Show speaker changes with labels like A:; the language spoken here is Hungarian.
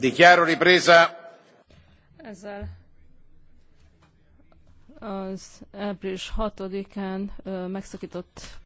A: Dichiaro ripresa.
B: Ezzel
C: az
D: április six án megszakított